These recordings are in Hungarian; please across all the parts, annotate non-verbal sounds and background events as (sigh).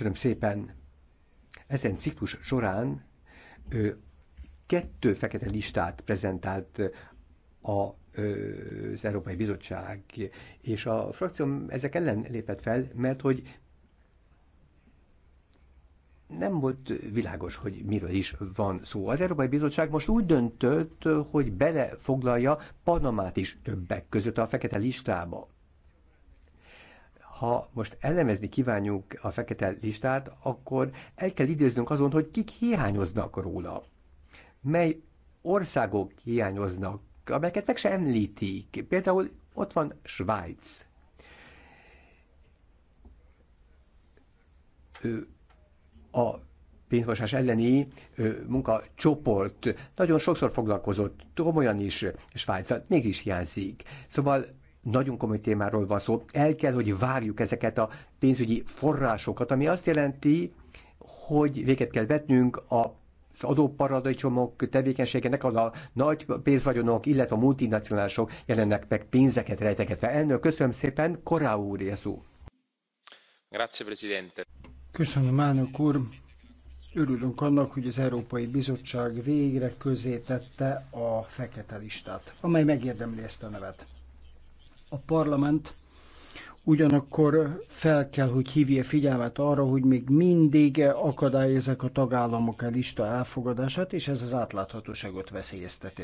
Köszönöm szépen. Ezen ciklus során ő kettő fekete listát prezentált a az Európai Bizottság, és a frakcióm ezek ellen lépett fel, mert hogy nem volt világos, hogy miről is van szó. Az Európai Bizottság most úgy döntött, hogy belefoglalja Panamát is többek között a fekete listába ha most elemezni kívánjuk a fekete listát, akkor el kell időznünk azon, hogy kik hiányoznak róla. Mely országok hiányoznak, amelyeket meg se említik. Például ott van Svájc. A pénzmosás elleni munkacsoport nagyon sokszor foglalkozott, komolyan is Svájc, mégis hiányzik. Szóval nagyon komoly témáról van szó. El kell, hogy várjuk ezeket a pénzügyi forrásokat, ami azt jelenti, hogy véget kell vetnünk a az adóparadicsomok tevékenységének a nagy pénzvagyonok, illetve a multinacionálisok jelennek meg pénzeket rejtegetve. Elnök, köszönöm szépen, Korá úr, Jeszú. Grazie, Presidente. Köszönöm, elnök úr. Örülünk annak, hogy az Európai Bizottság végre közé tette a fekete listát, amely megérdemli ezt a nevet a parlament ugyanakkor fel kell, hogy hívja figyelmet arra, hogy még mindig akadályozzák a tagállamok a lista elfogadását, és ez az átláthatóságot veszélyezteti.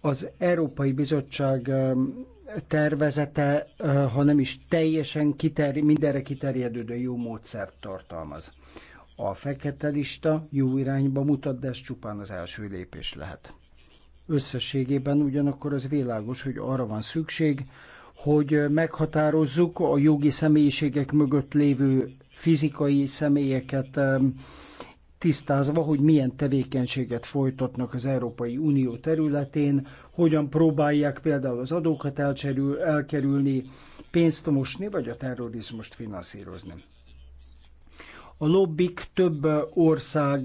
Az Európai Bizottság um, tervezete, uh, ha nem is teljesen kiter, mindenre kiterjedő, de jó módszert tartalmaz. A fekete lista jó irányba mutat, de ez csupán az első lépés lehet. Összességében ugyanakkor az világos, hogy arra van szükség, hogy meghatározzuk a jogi személyiségek mögött lévő fizikai személyeket, tisztázva, hogy milyen tevékenységet folytatnak az Európai Unió területén, hogyan próbálják például az adókat elkerülni, pénzt mosni, vagy a terrorizmust finanszírozni. A lobbik több ország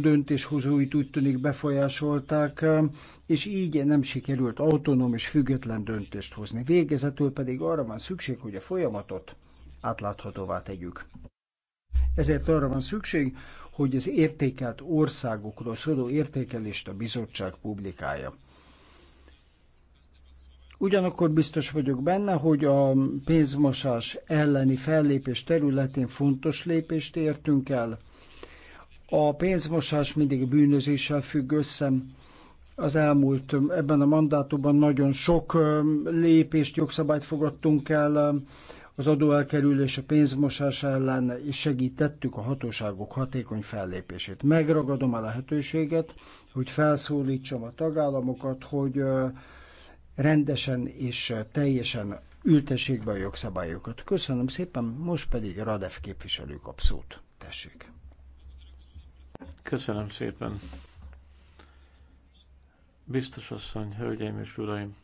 döntéshozóit úgy tűnik befolyásolták, és így nem sikerült autonóm és független döntést hozni. Végezetül pedig arra van szükség, hogy a folyamatot átláthatóvá tegyük. Ezért arra van szükség, hogy az értékelt országokról szóló értékelést a bizottság publikálja. Ugyanakkor biztos vagyok benne, hogy a pénzmosás elleni fellépés területén fontos lépést értünk el. A pénzmosás mindig bűnözéssel függ össze. Az elmúlt ebben a mandátumban nagyon sok lépést, jogszabályt fogadtunk el az adóelkerülés, a pénzmosás ellen, és segítettük a hatóságok hatékony fellépését. Megragadom a lehetőséget, hogy felszólítsam a tagállamokat, hogy rendesen és teljesen ültessék a jogszabályokat. Köszönöm szépen, most pedig Radev képviselő kap szót. Tessék. Köszönöm szépen. Biztos asszony, hölgyeim és uraim!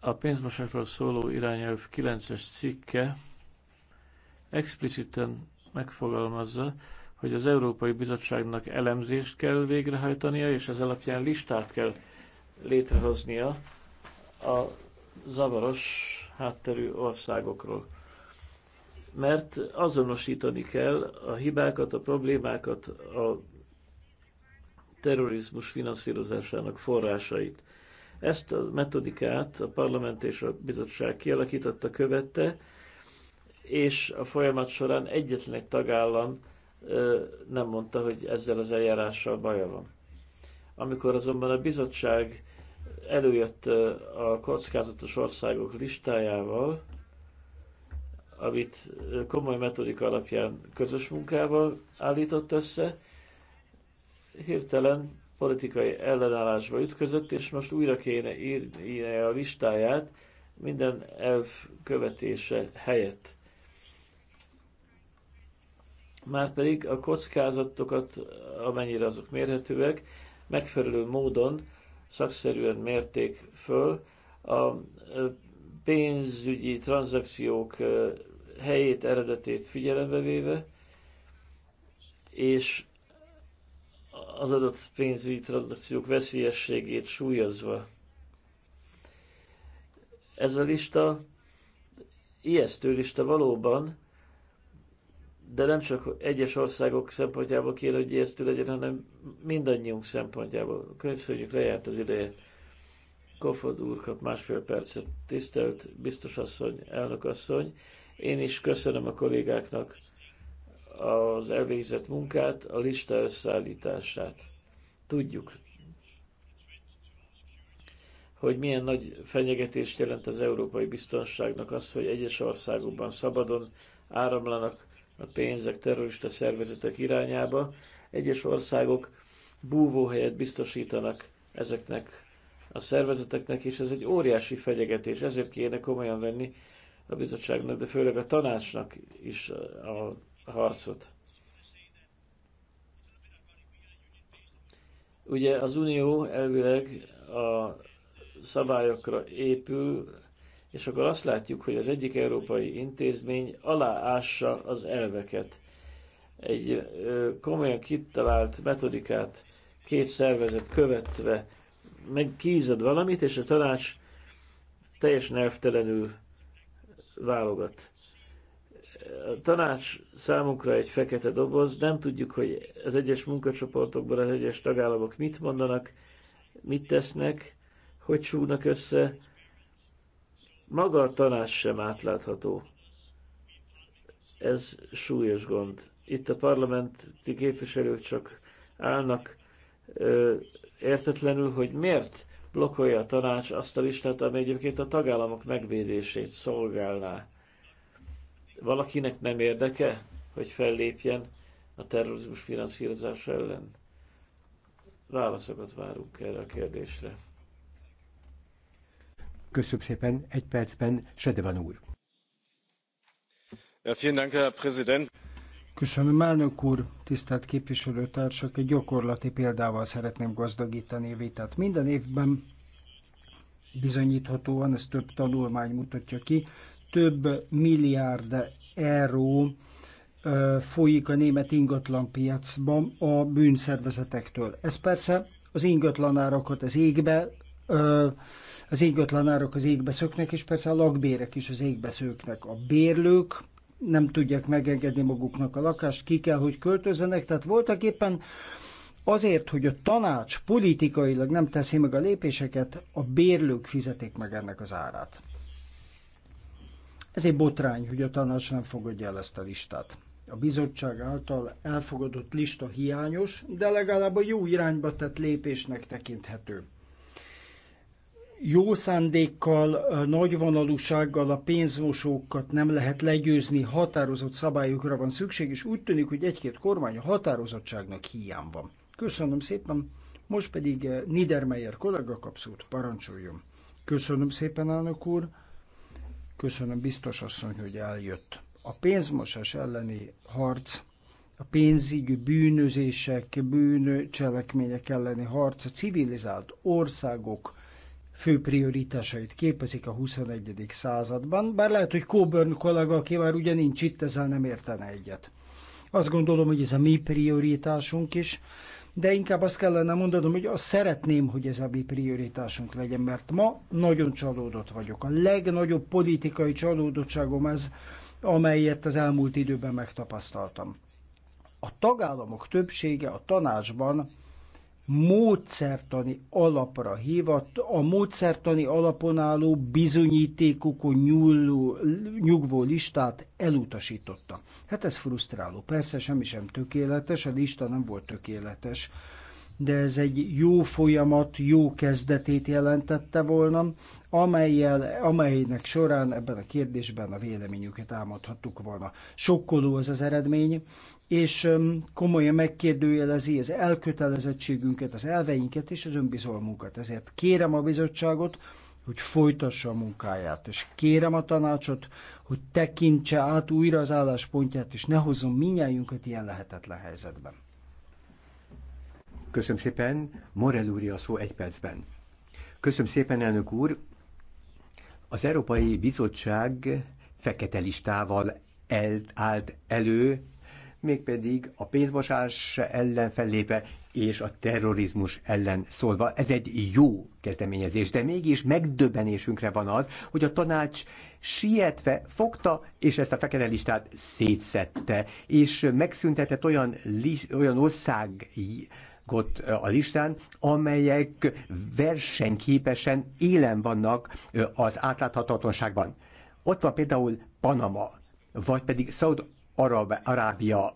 A pénzmosásról szóló irányelv 9-es cikke expliciten megfogalmazza, hogy az Európai Bizottságnak elemzést kell végrehajtania, és ez alapján listát kell létrehoznia a zavaros hátterű országokról. Mert azonosítani kell a hibákat, a problémákat, a terrorizmus finanszírozásának forrásait. Ezt a metodikát a parlament és a bizottság kialakította, követte, és a folyamat során egyetlen egy tagállam nem mondta, hogy ezzel az eljárással baja van. Amikor azonban a bizottság előjött a kockázatos országok listájával, amit komoly metodika alapján közös munkával állított össze, hirtelen politikai ellenállásba ütközött, és most újra kéne írni a listáját minden elv követése helyett. Márpedig a kockázatokat, amennyire azok mérhetőek, megfelelő módon szakszerűen mérték föl a pénzügyi tranzakciók helyét, eredetét figyelembe véve, és az adott pénzügyi tranzakciók veszélyességét súlyozva. Ez a lista, ijesztő lista valóban, de nem csak egyes országok szempontjából kéne, hogy ijesztő legyen, hanem mindannyiunk szempontjából. Köszönjük, lejárt az ideje. Kofod úr kap másfél percet. Tisztelt biztos asszony, elnök asszony, én is köszönöm a kollégáknak az elvégzett munkát, a lista összeállítását. Tudjuk, hogy milyen nagy fenyegetést jelent az európai biztonságnak az, hogy egyes országokban szabadon áramlanak a pénzek terrorista szervezetek irányába. Egyes országok búvóhelyet biztosítanak ezeknek a szervezeteknek, és ez egy óriási fenyegetés. Ezért kéne komolyan venni a bizottságnak, de főleg a tanácsnak is a harcot. Ugye az Unió elvileg a szabályokra épül, és akkor azt látjuk, hogy az egyik európai intézmény aláássa az elveket. Egy komolyan kitalált metodikát két szervezet követve megkízad valamit, és a tanács teljes nervtelenül válogat. A tanács számunkra egy fekete doboz, nem tudjuk, hogy az egyes munkacsoportokban az egyes tagállamok mit mondanak, mit tesznek, hogy csúnak össze, maga a tanács sem átlátható. Ez súlyos gond. Itt a parlamenti képviselők csak állnak ö, értetlenül, hogy miért blokkolja a tanács azt a listát, ami egyébként a tagállamok megvédését szolgálná. Valakinek nem érdeke, hogy fellépjen a terrorizmus finanszírozása ellen? Válaszokat várunk erre a kérdésre. Köszönöm szépen, egy percben Sedevan úr. Ja, vielen Dank, Herr Präsident. Köszönöm, elnök úr, tisztelt képviselőtársak, egy gyakorlati példával szeretném gazdagítani a vitát. Minden évben bizonyíthatóan, ez több tanulmány mutatja ki, több milliárd euró folyik a német ingatlanpiacban a bűnszervezetektől. Ez persze az ingatlanárakat az égbe az égötlen árak az égbe szöknek, és persze a lakbérek is az égbe szöknek. A bérlők nem tudják megengedni maguknak a lakást, ki kell, hogy költözzenek, tehát voltak éppen azért, hogy a tanács politikailag nem teszi meg a lépéseket, a bérlők fizetik meg ennek az árát. Ez egy botrány, hogy a tanács nem fogadja el ezt a listát. A bizottság által elfogadott lista hiányos, de legalább a jó irányba tett lépésnek tekinthető jó szándékkal, nagy vonalúsággal a pénzmosókat nem lehet legyőzni, határozott szabályokra van szükség, és úgy tűnik, hogy egy-két kormány a határozottságnak hiány van. Köszönöm szépen, most pedig Niedermeyer kollega kapszót parancsoljon. Köszönöm szépen, elnök úr, köszönöm biztos asszony, hogy eljött. A pénzmosás elleni harc a pénzügyi bűnözések, bűncselekmények elleni harc a civilizált országok fő prioritásait képezik a 21. században, bár lehet, hogy Coburn kollega, aki már ugye nincs itt, ezzel nem értene egyet. Azt gondolom, hogy ez a mi prioritásunk is, de inkább azt kellene mondanom, hogy azt szeretném, hogy ez a mi prioritásunk legyen, mert ma nagyon csalódott vagyok. A legnagyobb politikai csalódottságom ez, amelyet az elmúlt időben megtapasztaltam. A tagállamok többsége a tanácsban módszertani alapra hívott, a módszertani alapon álló bizonyítékokon nyúló, nyugvó listát elutasította. Hát ez frusztráló. Persze semmi sem tökéletes, a lista nem volt tökéletes, de ez egy jó folyamat, jó kezdetét jelentette volna, amelyel, amelynek során ebben a kérdésben a véleményüket álmodhattuk volna. Sokkoló ez az eredmény, és komolyan megkérdőjelezi az elkötelezettségünket, az elveinket és az önbizalmunkat. Ezért kérem a bizottságot, hogy folytassa a munkáját, és kérem a tanácsot, hogy tekintse át újra az álláspontját, és ne hozzon minnyájunkat ilyen lehetetlen helyzetben. Köszönöm szépen, Morel úr a szó egy percben. Köszönöm szépen, elnök úr. Az Európai Bizottság fekete listával el, állt elő mégpedig a pénzmosás ellen fellépe és a terrorizmus ellen szólva. Ez egy jó kezdeményezés, de mégis megdöbbenésünkre van az, hogy a tanács sietve fogta, és ezt a fekete listát szétszette, és megszüntetett olyan, olyan ország ott a listán, amelyek versenyképesen élen vannak az átláthatatlanságban. Ott van például Panama, vagy pedig Szaud Arab, Arábia,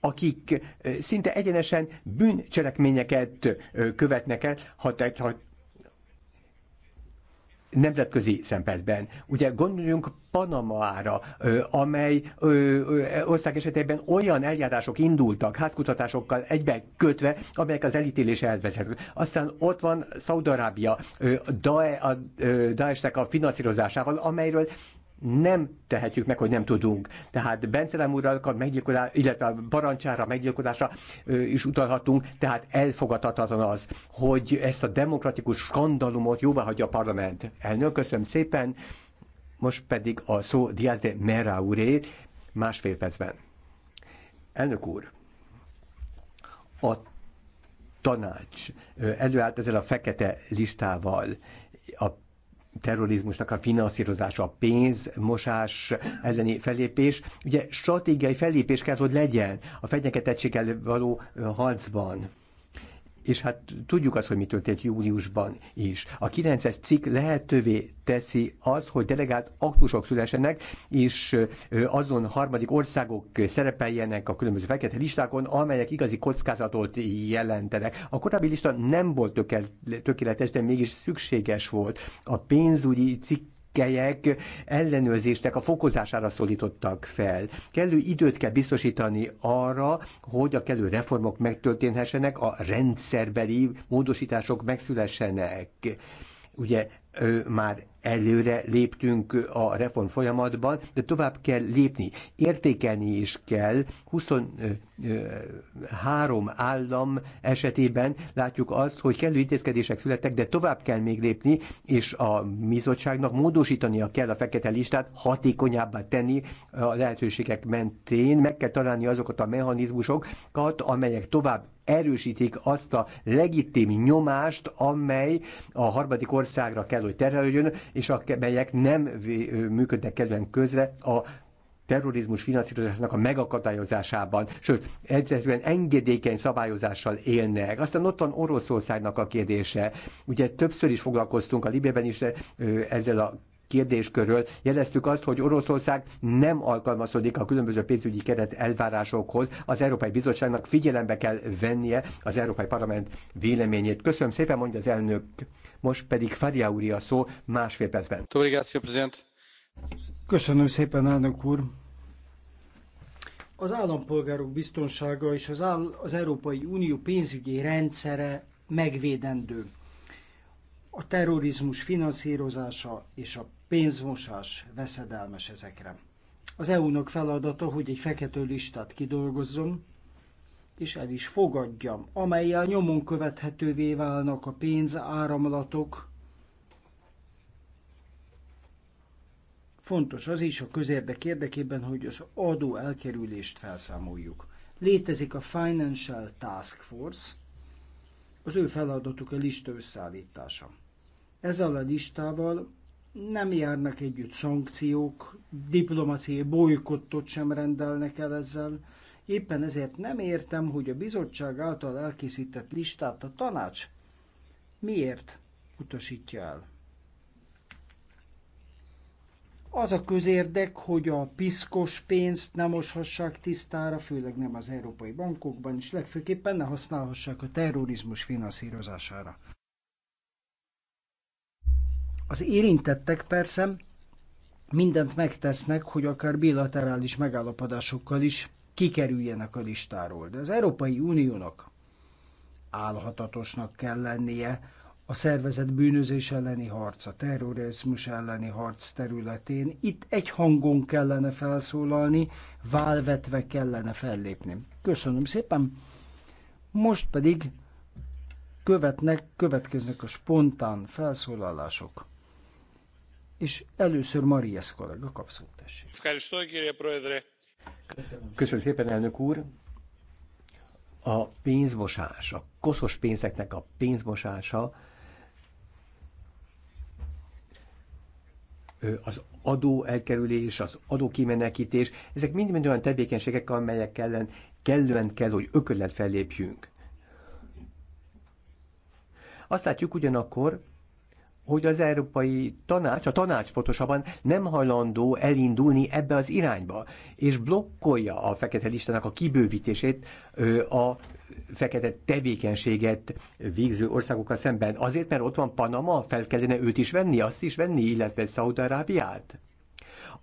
akik szinte egyenesen bűncselekményeket követnek el, ha, ha nemzetközi szempontban. Ugye gondoljunk Panamára, amely ország esetében olyan eljárások indultak, házkutatásokkal egybe kötve, amelyek az elítélés elvezetnek. Aztán ott van Szaudarábia, Daesh-nek a finanszírozásával, amelyről nem tehetjük meg, hogy nem tudunk. Tehát Bencelem úrra meggyilkolás, illetve a parancsára, meggyilkolásra ö, is utalhatunk, tehát elfogadhatatlan az, hogy ezt a demokratikus skandalumot jóvá hagyja a parlament. Elnök, köszönöm szépen, most pedig a szó Diaz de Mera úré másfél percben. Elnök úr, a tanács előállt ezzel a fekete listával, a terrorizmusnak a finanszírozása, a pénz mosás, elleni felépés, ugye stratégiai felépés kell, hogy legyen a fenyegetettséggel való harcban és hát tudjuk azt, hogy mi történt júniusban is. A 9-es cikk lehetővé teszi azt, hogy delegált aktusok szülesenek, és azon harmadik országok szerepeljenek a különböző fekete listákon, amelyek igazi kockázatot jelentenek. A korábbi lista nem volt tökéletes, de mégis szükséges volt. A pénzügyi cikk tengelyek ellenőrzésnek a fokozására szólítottak fel. Kellő időt kell biztosítani arra, hogy a kellő reformok megtörténhessenek, a rendszerbeli módosítások megszülessenek Ugye már előre léptünk a reform folyamatban, de tovább kell lépni. Értékelni is kell. 23 állam esetében látjuk azt, hogy kellő intézkedések születtek, de tovább kell még lépni, és a bizottságnak módosítania kell a fekete listát, hatékonyabbá tenni a lehetőségek mentén. Meg kell találni azokat a mechanizmusokat, amelyek tovább erősítik azt a legitim nyomást, amely a harmadik országra kell, hogy terhelődjön, és amelyek nem működnek kedven közre a terrorizmus finanszírozásának a megakadályozásában, sőt, egyszerűen engedékeny szabályozással élnek. Aztán ott van Oroszországnak a kérdése. Ugye többször is foglalkoztunk a Libében is ezzel a kérdéskörről jeleztük azt, hogy Oroszország nem alkalmazkodik a különböző pénzügyi keret elvárásokhoz. Az Európai Bizottságnak figyelembe kell vennie az Európai Parlament véleményét. Köszönöm szépen, mondja az elnök. Most pedig Faria úr a szó másfél percben. Köszönöm szépen, elnök úr. Az állampolgárok biztonsága és az, áll- az Európai Unió pénzügyi rendszere megvédendő a terrorizmus finanszírozása és a pénzmosás veszedelmes ezekre. Az EU-nak feladata, hogy egy fekete listát kidolgozzon, és el is fogadjam, amelyel nyomon követhetővé válnak a pénzáramlatok. Fontos az is a közérdek érdekében, hogy az adó elkerülést felszámoljuk. Létezik a Financial Task Force, az ő feladatuk a lista összeállítása. Ezzel a listával nem járnak együtt szankciók, diplomáciai bolykottot sem rendelnek el ezzel. Éppen ezért nem értem, hogy a bizottság által elkészített listát a tanács miért utasítja el. Az a közérdek, hogy a piszkos pénzt nem oshassák tisztára, főleg nem az európai bankokban, és legfőképpen ne használhassák a terrorizmus finanszírozására. Az érintettek persze mindent megtesznek, hogy akár bilaterális megállapodásokkal is kikerüljenek a listáról. De az Európai Uniónak állhatatosnak kell lennie a szervezet bűnözés elleni harc, a terrorizmus elleni harc területén. Itt egy hangon kellene felszólalni, válvetve kellene fellépni. Köszönöm szépen! Most pedig követnek, következnek a spontán felszólalások és először Maria kollega kap szót, tessék. Köszönöm. szépen, elnök úr. A pénzmosás, a koszos pénzeknek a pénzmosása az adó elkerülés, az adókimenekítés, ezek mind-mind olyan tevékenységek, amelyek ellen kellően kell, hogy ököllet fellépjünk. Azt látjuk ugyanakkor, hogy az Európai Tanács, a tanács pontosabban nem hajlandó elindulni ebbe az irányba, és blokkolja a fekete listának a kibővítését a fekete tevékenységet végző országokkal szemben. Azért, mert ott van Panama, fel kellene őt is venni, azt is venni, illetve Szaudarábiát?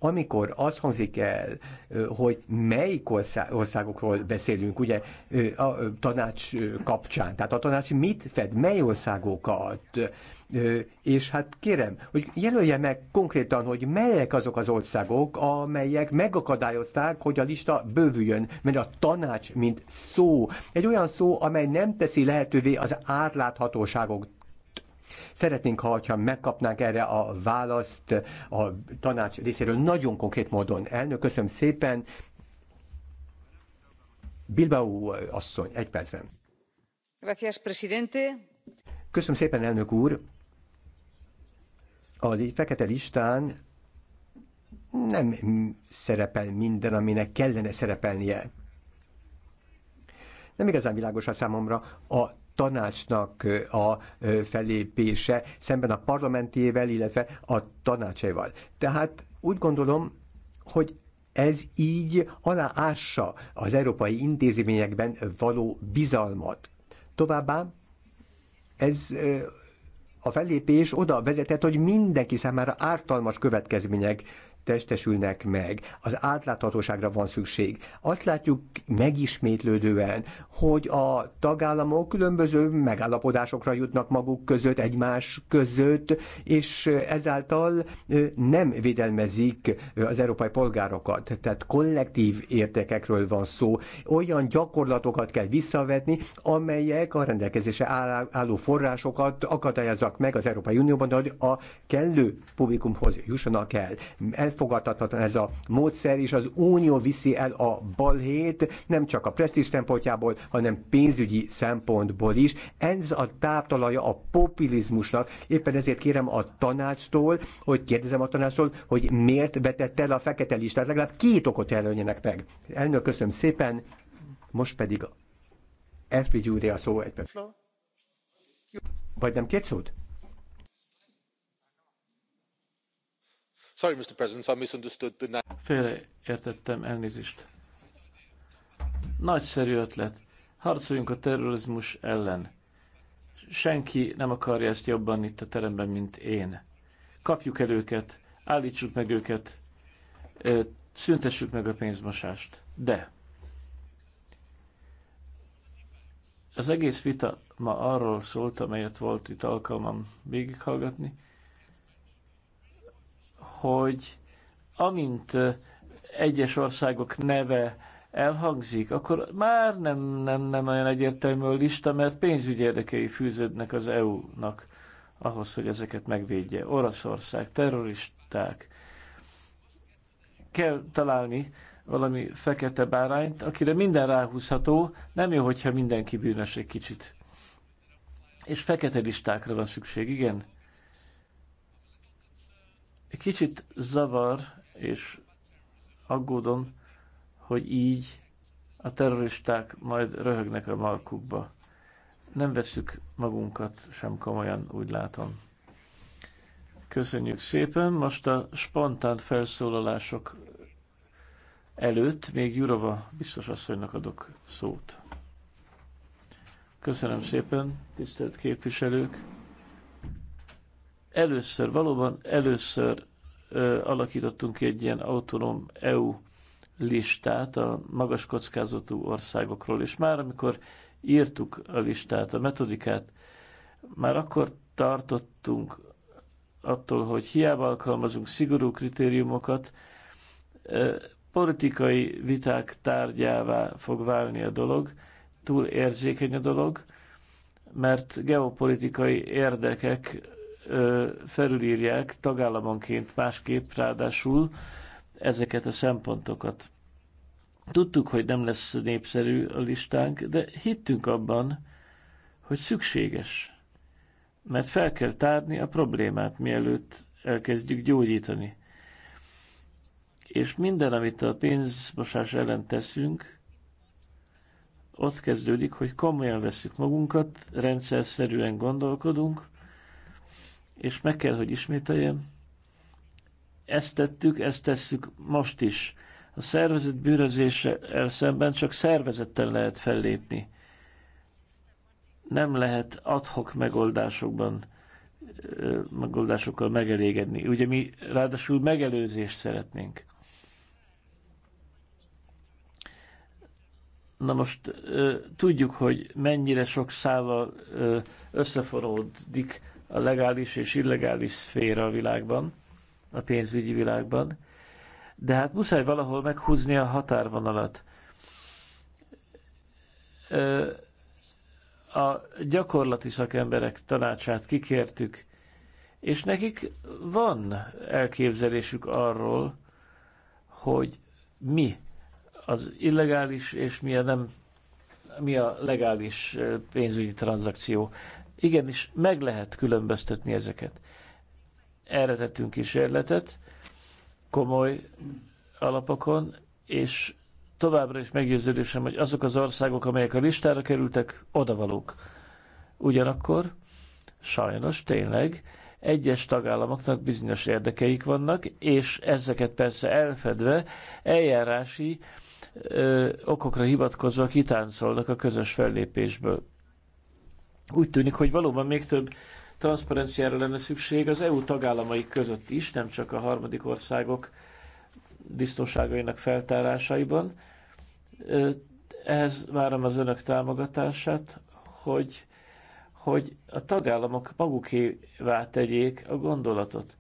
amikor az hangzik el, hogy melyik országokról beszélünk, ugye a tanács kapcsán, tehát a tanács mit fed, mely országokat, és hát kérem, hogy jelölje meg konkrétan, hogy melyek azok az országok, amelyek megakadályozták, hogy a lista bővüljön, mert a tanács, mint szó, egy olyan szó, amely nem teszi lehetővé az átláthatóságot, Szeretnénk, ha ha megkapnánk erre a választ a tanács részéről nagyon konkrét módon. Elnök, köszönöm szépen. Bilbao asszony, egy percben. Gracias, presidente. Köszönöm szépen, elnök úr. A fekete listán nem szerepel minden, aminek kellene szerepelnie. Nem igazán világos a számomra a tanácsnak a felépése szemben a parlamentével, illetve a tanácsaival. Tehát úgy gondolom, hogy ez így aláássa az európai intézményekben való bizalmat. Továbbá ez a fellépés oda vezetett, hogy mindenki számára ártalmas következmények testesülnek meg, az átláthatóságra van szükség. Azt látjuk megismétlődően, hogy a tagállamok különböző megállapodásokra jutnak maguk között, egymás között, és ezáltal nem védelmezik az európai polgárokat. Tehát kollektív értékekről van szó. Olyan gyakorlatokat kell visszavetni, amelyek a rendelkezése álló forrásokat akadályozzak meg az Európai Unióban, hogy a kellő publikumhoz jussanak el. El elfogadhatatlan ez a módszer, és az Unió viszi el a balhét, nem csak a presztízs szempontjából, hanem pénzügyi szempontból is. Ez a táptalaja a populizmusnak. Éppen ezért kérem a tanácstól, hogy kérdezem a tanácstól, hogy miért vetett el a fekete listát. Legalább két okot jelöljenek meg. Elnök, köszönöm szépen. Most pedig Eszpi Gyúri a szó egyben. Vagy nem két szót? Sorry, Mr. President, I misunderstood the... Félreértettem elnézést. Nagyszerű ötlet. Harcoljunk a terrorizmus ellen. Senki nem akarja ezt jobban itt a teremben, mint én. Kapjuk el őket, állítsuk meg őket, szüntessük meg a pénzmosást. De az egész vita ma arról szólt, amelyet volt itt alkalmam végighallgatni, hogy amint egyes országok neve elhangzik, akkor már nem, nem, nem olyan egyértelmű a lista, mert pénzügyi érdekei fűződnek az EU-nak ahhoz, hogy ezeket megvédje. Oroszország, terroristák. Kell találni valami fekete bárányt, akire minden ráhúzható, nem jó, hogyha mindenki bűnös egy kicsit. És fekete listákra van szükség, igen. Egy Kicsit zavar, és aggódom, hogy így a terroristák majd röhögnek a markukba. Nem veszük magunkat sem komolyan, úgy látom. Köszönjük szépen. Most a spontán felszólalások előtt még Jurova biztos asszonynak adok szót. Köszönöm szépen, tisztelt képviselők! Először, valóban először ö, alakítottunk egy ilyen autonóm EU listát a magas kockázatú országokról, és már amikor írtuk a listát, a metodikát, már akkor tartottunk attól, hogy hiába alkalmazunk szigorú kritériumokat, politikai viták tárgyává fog válni a dolog, túl érzékeny a dolog, mert geopolitikai érdekek felülírják tagállamonként másképp ráadásul ezeket a szempontokat. Tudtuk, hogy nem lesz népszerű a listánk, de hittünk abban, hogy szükséges. Mert fel kell tárni a problémát, mielőtt elkezdjük gyógyítani. És minden, amit a pénzmosás ellen teszünk, ott kezdődik, hogy komolyan veszük magunkat, rendszer szerűen gondolkodunk, és meg kell, hogy ismételjem, ezt tettük, ezt tesszük most is. A szervezet bűnözéssel szemben csak szervezetten lehet fellépni. Nem lehet adhok megoldásokban megoldásokkal megelégedni. Ugye mi ráadásul megelőzést szeretnénk. Na most tudjuk, hogy mennyire sok szállal összeforódik a legális és illegális szféra a világban, a pénzügyi világban, de hát muszáj valahol meghúzni a határvonalat. A gyakorlati szakemberek tanácsát kikértük, és nekik van elképzelésük arról, hogy mi az illegális és mi a, nem, mi a legális pénzügyi tranzakció. Igenis, meg lehet különböztetni ezeket. Erre tettünk kísérletet, komoly alapokon, és továbbra is meggyőződésem, hogy azok az országok, amelyek a listára kerültek, odavalók. Ugyanakkor, sajnos tényleg, egyes tagállamoknak bizonyos érdekeik vannak, és ezeket persze elfedve eljárási ö, okokra hivatkozva kitáncolnak a közös fellépésből. Úgy tűnik, hogy valóban még több transzparenciára lenne szükség az EU tagállamai között is, nem csak a harmadik országok biztonságainak feltárásaiban. Ehhez várom az önök támogatását, hogy, hogy a tagállamok magukévá tegyék a gondolatot,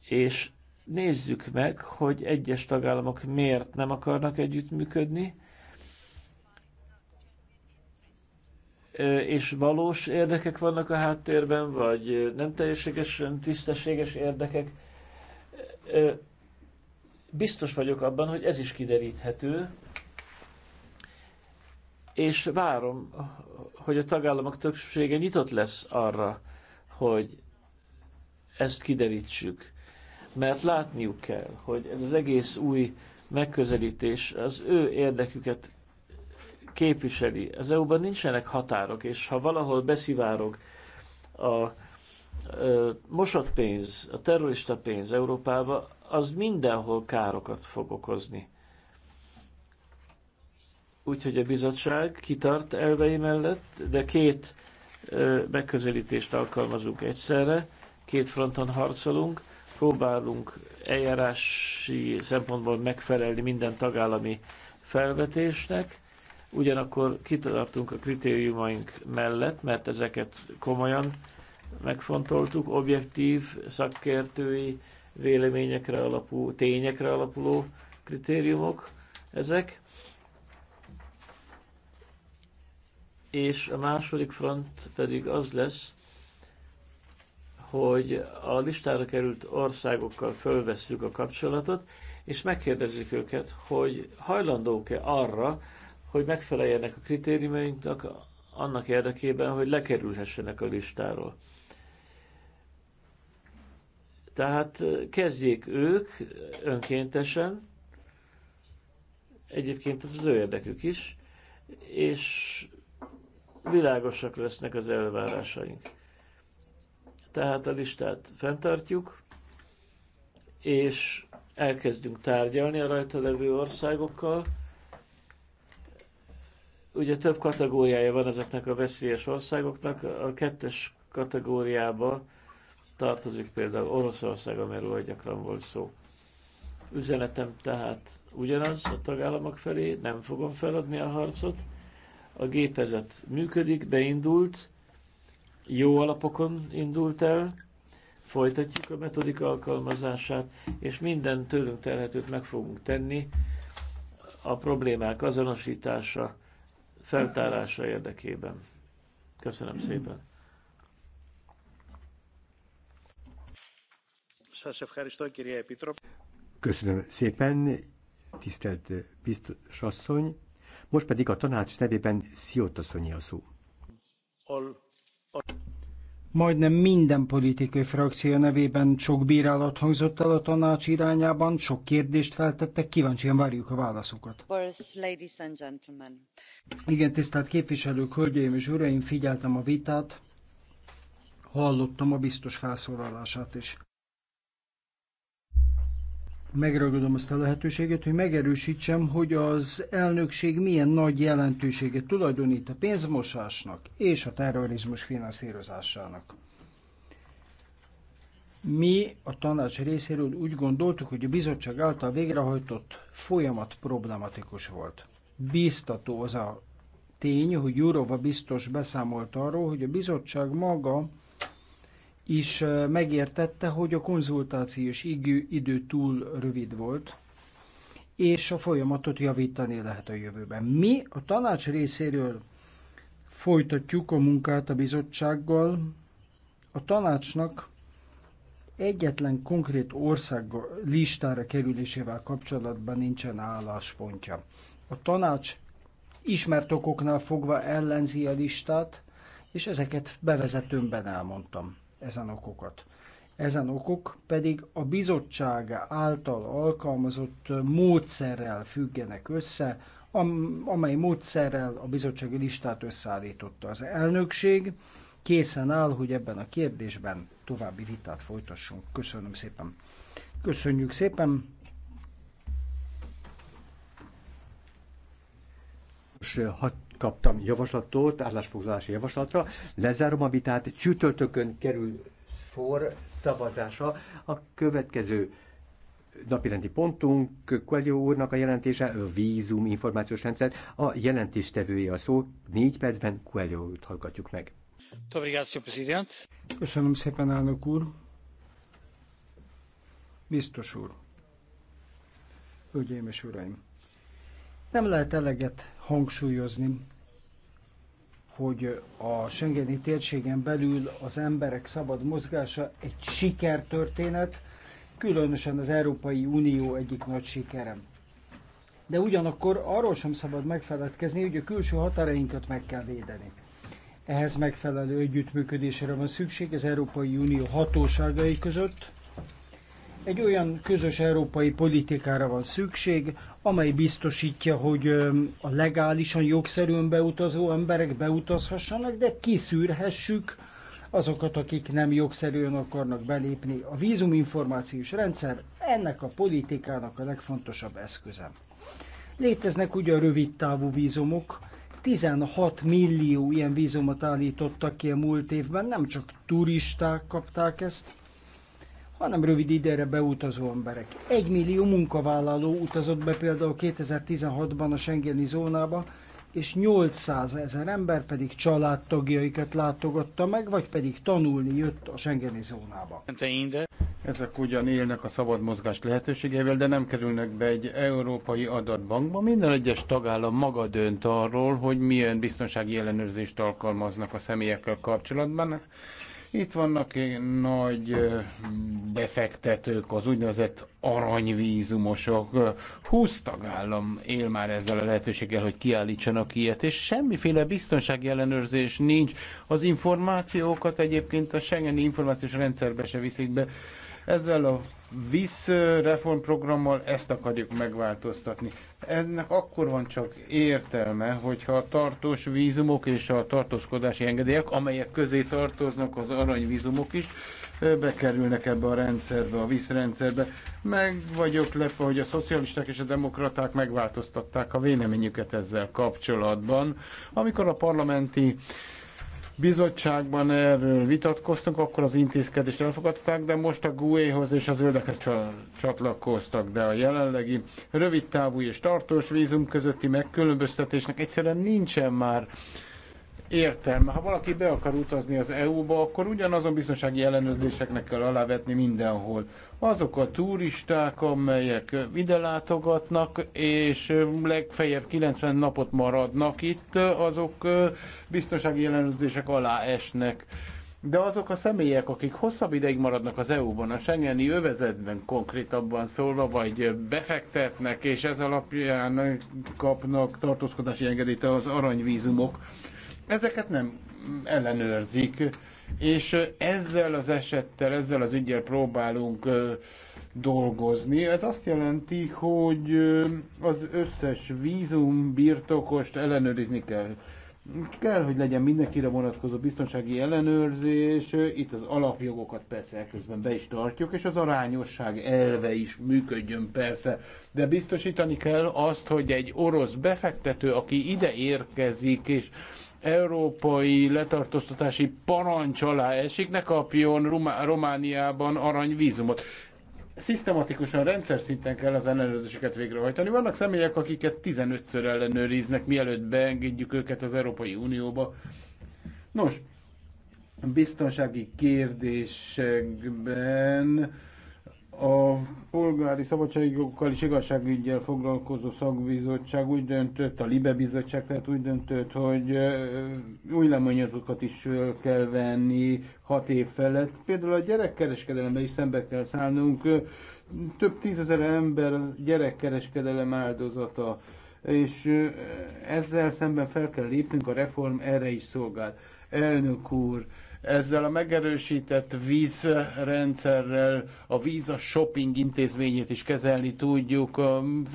és Nézzük meg, hogy egyes tagállamok miért nem akarnak együttműködni, és valós érdekek vannak a háttérben, vagy nem teljességesen tisztességes érdekek. Biztos vagyok abban, hogy ez is kideríthető, és várom, hogy a tagállamok többsége nyitott lesz arra, hogy ezt kiderítsük mert látniuk kell, hogy ez az egész új megközelítés az ő érdeküket képviseli. Az EU-ban nincsenek határok, és ha valahol beszivárog a mosott pénz, a terrorista pénz Európába, az mindenhol károkat fog okozni. Úgyhogy a bizottság kitart elvei mellett, de két megközelítést alkalmazunk egyszerre, két fronton harcolunk, próbálunk eljárási szempontból megfelelni minden tagállami felvetésnek, ugyanakkor kitartunk a kritériumaink mellett, mert ezeket komolyan megfontoltuk, objektív, szakértői, véleményekre alapú, tényekre alapuló kritériumok ezek. És a második front pedig az lesz, hogy a listára került országokkal fölveszünk a kapcsolatot, és megkérdezzük őket, hogy hajlandók-e arra, hogy megfeleljenek a kritériumainknak annak érdekében, hogy lekerülhessenek a listáról. Tehát kezdjék ők önkéntesen, egyébként az az ő érdekük is, és világosak lesznek az elvárásaink tehát a listát fenntartjuk, és elkezdünk tárgyalni a rajta levő országokkal. Ugye több kategóriája van ezeknek a veszélyes országoknak. A kettes kategóriába tartozik például Oroszország, amiről gyakran volt szó. Üzenetem tehát ugyanaz a tagállamok felé, nem fogom feladni a harcot. A gépezet működik, beindult, jó alapokon indult el, folytatjuk a metodika alkalmazását, és minden tőlünk telhetőt meg fogunk tenni a problémák azonosítása, feltárása érdekében. Köszönöm szépen! Köszönöm szépen, tisztelt biztos asszony. Most pedig a tanács nevében Sziótaszonyi a szó. All Majdnem minden politikai frakció nevében sok bírálat hangzott el a tanács irányában, sok kérdést feltettek, kíváncsian várjuk a válaszokat. Igen, tisztelt képviselők, hölgyeim és uraim, figyeltem a vitát, hallottam a biztos felszólalását is megragadom ezt a lehetőséget, hogy megerősítsem, hogy az elnökség milyen nagy jelentőséget tulajdonít a pénzmosásnak és a terrorizmus finanszírozásának. Mi a tanács részéről úgy gondoltuk, hogy a bizottság által végrehajtott folyamat problematikus volt. Bíztató az a tény, hogy Jurova biztos beszámolt arról, hogy a bizottság maga is megértette, hogy a konzultációs idő túl rövid volt, és a folyamatot javítani lehet a jövőben. Mi a tanács részéről folytatjuk a munkát a bizottsággal. A tanácsnak egyetlen konkrét ország listára kerülésével kapcsolatban nincsen álláspontja. A tanács ismert okoknál fogva ellenzi a listát, és ezeket bevezetőmben elmondtam ezen okokat. Ezen okok pedig a bizottság által alkalmazott módszerrel függenek össze, amely módszerrel a bizottsági listát összeállította az elnökség. Készen áll, hogy ebben a kérdésben további vitát folytassunk. Köszönöm szépen. Köszönjük szépen. Eh, Hadd kaptam javaslatot, állásfoglalási javaslatra. Lezárom a vitát, csütörtökön kerül sor szavazása. A következő napirendi pontunk, Coelho úrnak a jelentése, a vízum információs rendszer, a jelentéstevője a szó. Négy percben Coelho úrt hallgatjuk meg. Köszönöm szépen, elnök úr. Biztos úr. Hölgyeim és uraim! Nem lehet eleget hangsúlyozni, hogy a Schengeni térségen belül az emberek szabad mozgása egy sikertörténet, különösen az Európai Unió egyik nagy sikerem. De ugyanakkor arról sem szabad megfeledkezni, hogy a külső határainkat meg kell védeni. Ehhez megfelelő együttműködésre van szükség az Európai Unió hatóságai között. Egy olyan közös európai politikára van szükség, amely biztosítja, hogy a legálisan jogszerűen beutazó emberek beutazhassanak, de kiszűrhessük azokat, akik nem jogszerűen akarnak belépni. A vízuminformációs rendszer ennek a politikának a legfontosabb eszköze. Léteznek ugye a rövid távú vízumok, 16 millió ilyen vízumot állítottak ki a múlt évben, nem csak turisták kapták ezt, hanem rövid időre beutazó emberek. Egy millió munkavállaló utazott be például 2016-ban a Schengeni zónába, és 800 ezer ember pedig családtagjaikat látogatta meg, vagy pedig tanulni jött a Schengeni zónába. Ezek ugyan élnek a szabad mozgás lehetőségével, de nem kerülnek be egy európai adatbankba. Minden egyes tagállam maga dönt arról, hogy milyen biztonsági ellenőrzést alkalmaznak a személyekkel kapcsolatban. Itt vannak eh, nagy eh, befektetők, az úgynevezett aranyvízumosok. 20 tagállam él már ezzel a lehetőséggel, hogy kiállítsanak ilyet, és semmiféle biztonsági ellenőrzés nincs. Az információkat egyébként a Schengeni információs rendszerbe se viszik be. Ezzel a vízreformprogrammal ezt akarjuk megváltoztatni. Ennek akkor van csak értelme, hogyha a tartós vízumok és a tartózkodási engedélyek, amelyek közé tartoznak az aranyvízumok is, bekerülnek ebbe a rendszerbe, a vízrendszerbe. Meg vagyok lepve, hogy a szocialisták és a demokraták megváltoztatták a véleményüket ezzel kapcsolatban. Amikor a parlamenti bizottságban erről vitatkoztunk, akkor az intézkedést elfogadták, de most a GUE-hoz és az zöldekhez csatlakoztak, de a jelenlegi rövid távú és tartós vízum közötti megkülönböztetésnek egyszerűen nincsen már értelme. Ha valaki be akar utazni az EU-ba, akkor ugyanazon biztonsági ellenőrzéseknek kell alávetni mindenhol azok a turisták, amelyek ide látogatnak, és legfeljebb 90 napot maradnak itt, azok biztonsági ellenőrzések alá esnek. De azok a személyek, akik hosszabb ideig maradnak az EU-ban, a Schengeni övezetben konkrétabban szólva, vagy befektetnek, és ez alapján kapnak tartózkodási engedélyt az aranyvízumok, ezeket nem ellenőrzik és ezzel az esettel, ezzel az ügyel próbálunk dolgozni. Ez azt jelenti, hogy az összes vízum birtokost ellenőrizni kell. Kell, hogy legyen mindenkire vonatkozó biztonsági ellenőrzés, itt az alapjogokat persze közben be is tartjuk, és az arányosság elve is működjön persze. De biztosítani kell azt, hogy egy orosz befektető, aki ide érkezik, és európai letartóztatási parancs alá esik, ne kapjon Rumá- Romániában aranyvízumot. Szisztematikusan, rendszer szinten kell az ellenőrzéseket végrehajtani. Vannak személyek, akiket 15-ször ellenőriznek, mielőtt beengedjük őket az Európai Unióba. Nos, biztonsági kérdésekben a polgári szabadságokkal és igazságügyel foglalkozó szakbizottság úgy döntött, a LIBE bizottság tehát úgy döntött, hogy új lemonyatokat is kell venni hat év felett. Például a gyerekkereskedelemben is szembe kell szállnunk. Több tízezer ember gyerekkereskedelem áldozata, és ezzel szemben fel kell lépnünk, a reform erre is szolgál. Elnök úr, ezzel a megerősített vízrendszerrel a víz a shopping intézményét is kezelni tudjuk.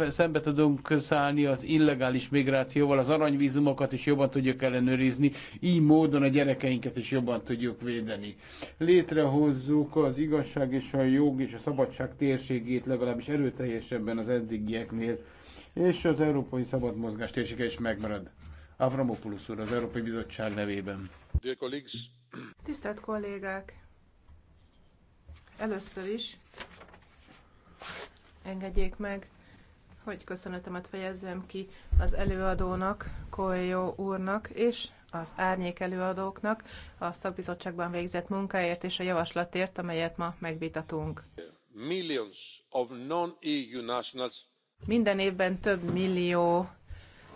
Szembe tudunk szállni az illegális migrációval, az aranyvízumokat is jobban tudjuk ellenőrizni, így módon a gyerekeinket is jobban tudjuk védeni. Létrehozzuk az igazság és a jog és a szabadság térségét legalábbis erőteljesebben az eddigieknél, és az európai szabad mozgás térsége is megmarad. Avramopoulos úr az Európai Bizottság nevében. Dear colleagues, Tisztelt kollégák! Először is engedjék meg, hogy köszönetemet fejezzem ki az előadónak, Koljó úrnak és az árnyék előadóknak a szakbizottságban végzett munkáért és a javaslatért, amelyet ma megvitatunk. Millions of non-EU nationals minden évben több millió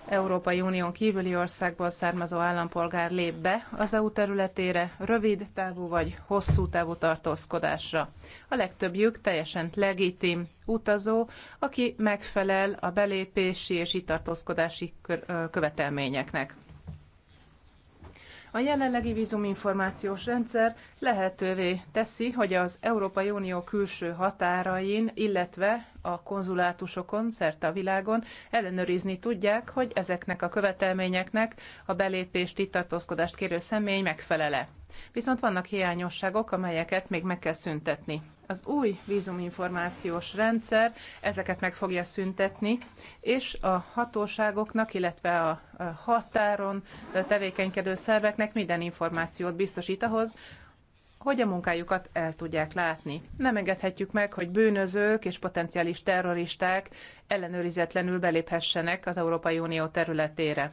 Európai Unión kívüli országból származó állampolgár lép be az EU területére rövid távú vagy hosszú távú tartózkodásra. A legtöbbjük teljesen legitim utazó, aki megfelel a belépési és itt tartózkodási követelményeknek. A jelenlegi vízuminformációs rendszer lehetővé teszi, hogy az Európai Unió külső határain, illetve a konzulátusokon szerte a világon ellenőrizni tudják, hogy ezeknek a követelményeknek a belépést, itt tartózkodást kérő személy megfelele. Viszont vannak hiányosságok, amelyeket még meg kell szüntetni az új vízuminformációs rendszer ezeket meg fogja szüntetni, és a hatóságoknak, illetve a határon tevékenykedő szerveknek minden információt biztosít ahhoz, hogy a munkájukat el tudják látni. Nem engedhetjük meg, hogy bűnözők és potenciális terroristák ellenőrizetlenül beléphessenek az Európai Unió területére.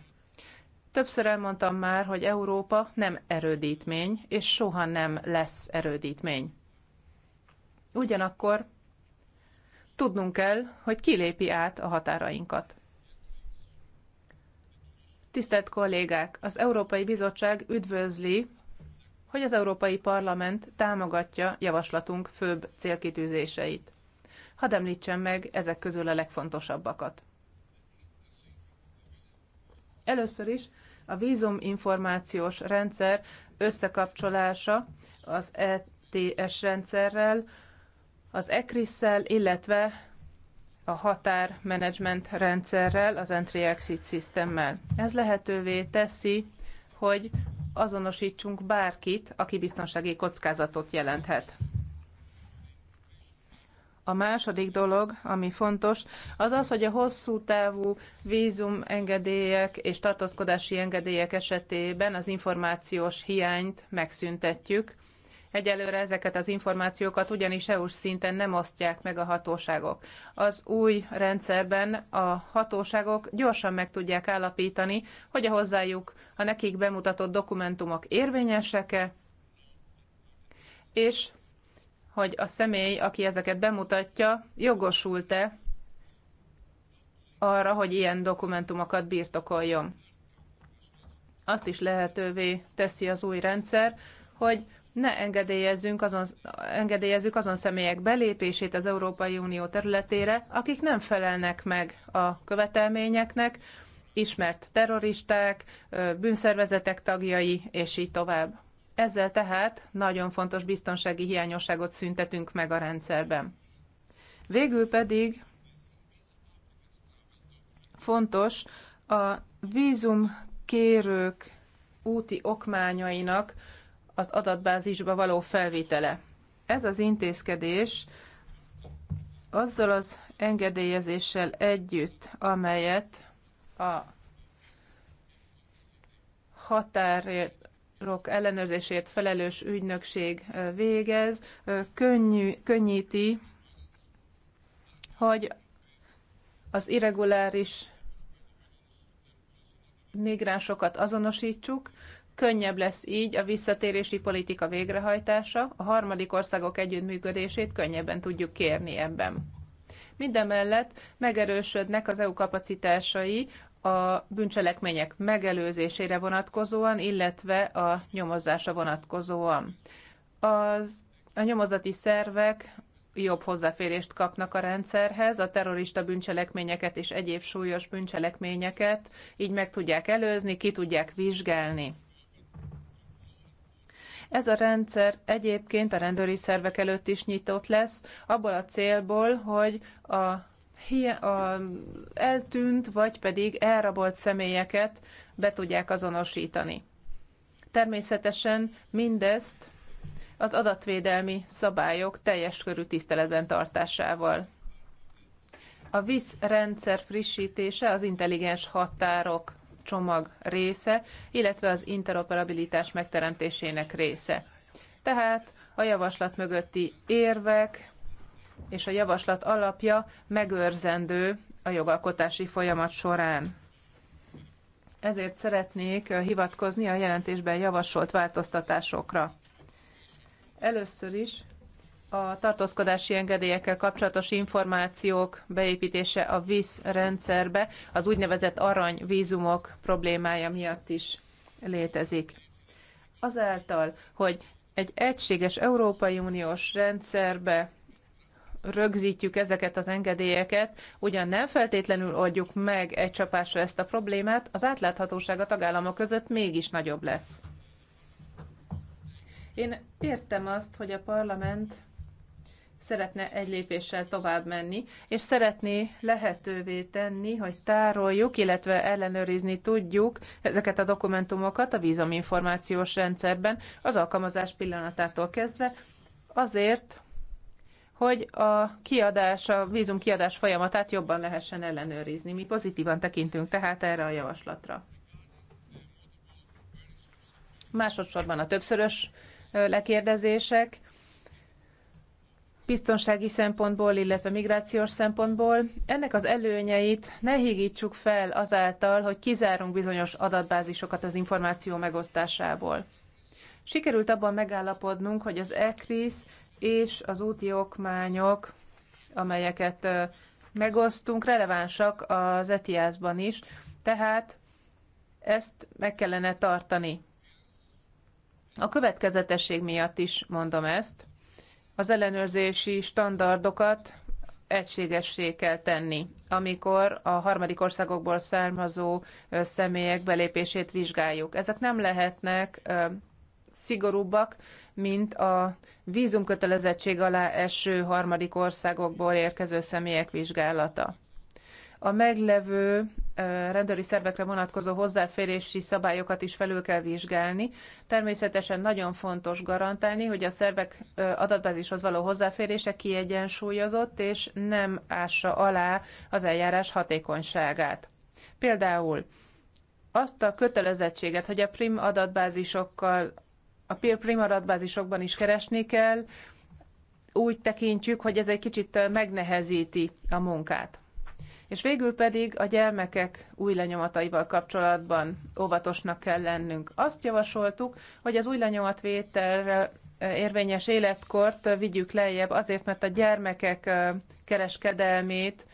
Többször elmondtam már, hogy Európa nem erődítmény, és soha nem lesz erődítmény. Ugyanakkor tudnunk kell, hogy kilépi át a határainkat. Tisztelt kollégák, az Európai Bizottság üdvözli, hogy az Európai Parlament támogatja javaslatunk főbb célkitűzéseit. Hadd említsem meg ezek közül a legfontosabbakat. Először is a vízuminformációs rendszer összekapcsolása az ETS rendszerrel, az ECRIS-szel, illetve a határmenedzsment rendszerrel, az Entry-Exit Systemmel. Ez lehetővé teszi, hogy azonosítsunk bárkit, aki biztonsági kockázatot jelenthet. A második dolog, ami fontos, az az, hogy a hosszú távú vízum engedélyek és tartózkodási engedélyek esetében az információs hiányt megszüntetjük, Egyelőre ezeket az információkat ugyanis EU-s szinten nem osztják meg a hatóságok. Az új rendszerben a hatóságok gyorsan meg tudják állapítani, hogy a hozzájuk a nekik bemutatott dokumentumok érvényesek-e, és hogy a személy, aki ezeket bemutatja, jogosult-e arra, hogy ilyen dokumentumokat birtokoljon. Azt is lehetővé teszi az új rendszer, hogy ne engedélyezzünk azon, engedélyezzük azon személyek belépését az Európai Unió területére, akik nem felelnek meg a követelményeknek, ismert terroristák, bűnszervezetek tagjai, és így tovább. Ezzel tehát nagyon fontos biztonsági hiányosságot szüntetünk meg a rendszerben. Végül pedig fontos a vízumkérők úti okmányainak az adatbázisba való felvitele. Ez az intézkedés azzal az engedélyezéssel együtt, amelyet a határok ellenőrzésért felelős ügynökség végez, könnyű, könnyíti, hogy az irreguláris migránsokat azonosítsuk, Könnyebb lesz így a visszatérési politika végrehajtása, a harmadik országok együttműködését könnyebben tudjuk kérni ebben. Mindemellett megerősödnek az EU kapacitásai a bűncselekmények megelőzésére vonatkozóan, illetve a nyomozásra vonatkozóan. Az, a nyomozati szervek jobb hozzáférést kapnak a rendszerhez, a terrorista bűncselekményeket és egyéb súlyos bűncselekményeket így meg tudják előzni, ki tudják vizsgálni. Ez a rendszer egyébként a rendőri szervek előtt is nyitott lesz, abból a célból, hogy a, a eltűnt vagy pedig elrabolt személyeket be tudják azonosítani. Természetesen mindezt az adatvédelmi szabályok teljes körű tiszteletben tartásával. A vízrendszer rendszer frissítése az intelligens határok csomag része, illetve az interoperabilitás megteremtésének része. Tehát a javaslat mögötti érvek és a javaslat alapja megőrzendő a jogalkotási folyamat során. Ezért szeretnék hivatkozni a jelentésben javasolt változtatásokra. Először is a tartózkodási engedélyekkel kapcsolatos információk beépítése a VIS rendszerbe az úgynevezett aranyvízumok problémája miatt is létezik. Azáltal, hogy egy egységes Európai Uniós rendszerbe rögzítjük ezeket az engedélyeket, ugyan nem feltétlenül oldjuk meg egy csapásra ezt a problémát, az átláthatóság a tagállamok között mégis nagyobb lesz. Én értem azt, hogy a parlament szeretne egy lépéssel tovább menni, és szeretné lehetővé tenni, hogy tároljuk, illetve ellenőrizni tudjuk ezeket a dokumentumokat a vízuminformációs rendszerben az alkalmazás pillanatától kezdve, azért, hogy a kiadás, a vízum kiadás folyamatát jobban lehessen ellenőrizni. Mi pozitívan tekintünk tehát erre a javaslatra. Másodszorban a többszörös lekérdezések biztonsági szempontból, illetve migrációs szempontból. Ennek az előnyeit ne hígítsuk fel azáltal, hogy kizárunk bizonyos adatbázisokat az információ megosztásából. Sikerült abban megállapodnunk, hogy az ECRIS és az úti okmányok, amelyeket megosztunk, relevánsak az ETIAS-ban is, tehát ezt meg kellene tartani. A következetesség miatt is mondom ezt, az ellenőrzési standardokat egységessé kell tenni, amikor a harmadik országokból származó személyek belépését vizsgáljuk. Ezek nem lehetnek szigorúbbak, mint a vízumkötelezettség alá eső harmadik országokból érkező személyek vizsgálata. A meglevő rendőri szervekre vonatkozó hozzáférési szabályokat is felül kell vizsgálni. Természetesen nagyon fontos garantálni, hogy a szervek adatbázishoz való hozzáférése kiegyensúlyozott, és nem ássa alá az eljárás hatékonyságát. Például azt a kötelezettséget, hogy a prim adatbázisokkal, a prim adatbázisokban is keresni kell, úgy tekintjük, hogy ez egy kicsit megnehezíti a munkát. És végül pedig a gyermekek új lenyomataival kapcsolatban óvatosnak kell lennünk. Azt javasoltuk, hogy az új lenyomatvételre eh, érvényes életkort eh, vigyük lejjebb, azért, mert a gyermekek eh, kereskedelmét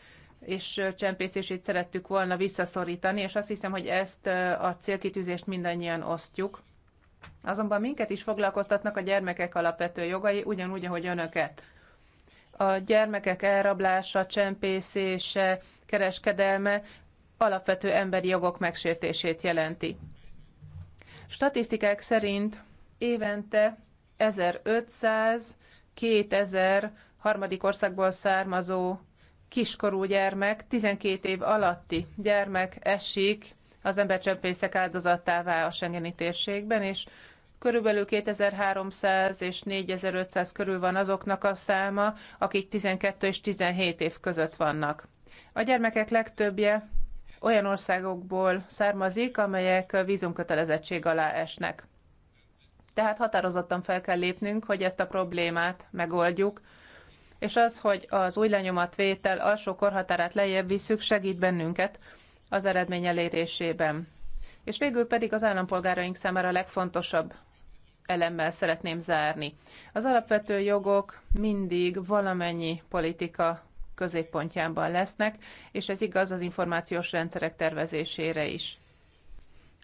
és csempészését szerettük volna visszaszorítani, és azt hiszem, hogy ezt a célkitűzést mindannyian osztjuk. Azonban minket is foglalkoztatnak a gyermekek alapvető jogai, ugyanúgy, ahogy önöket a gyermekek elrablása, csempészése, kereskedelme alapvető emberi jogok megsértését jelenti. Statisztikák szerint évente 1500-2000 harmadik országból származó kiskorú gyermek, 12 év alatti gyermek esik az embercsempészek áldozattává a Schengeni térségben, és Körülbelül 2300 és 4500 körül van azoknak a száma, akik 12 és 17 év között vannak. A gyermekek legtöbbje olyan országokból származik, amelyek vízumkötelezettség alá esnek. Tehát határozottan fel kell lépnünk, hogy ezt a problémát megoldjuk, és az, hogy az új lenyomatvétel alsó korhatárát lejjebb visszük, segít bennünket az eredmény elérésében. És végül pedig az állampolgáraink számára a legfontosabb elemmel szeretném zárni. Az alapvető jogok mindig valamennyi politika középpontjában lesznek, és ez igaz az információs rendszerek tervezésére is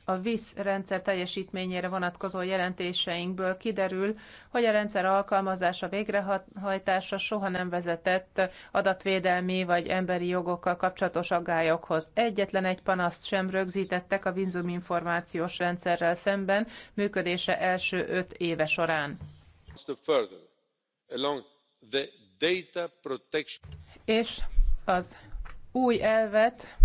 a VISZ rendszer teljesítményére vonatkozó jelentéseinkből kiderül, hogy a rendszer alkalmazása, végrehajtása soha nem vezetett adatvédelmi vagy emberi jogokkal kapcsolatos aggályokhoz. Egyetlen egy panaszt sem rögzítettek a vízum információs rendszerrel szemben működése első öt éve során. És az új elvet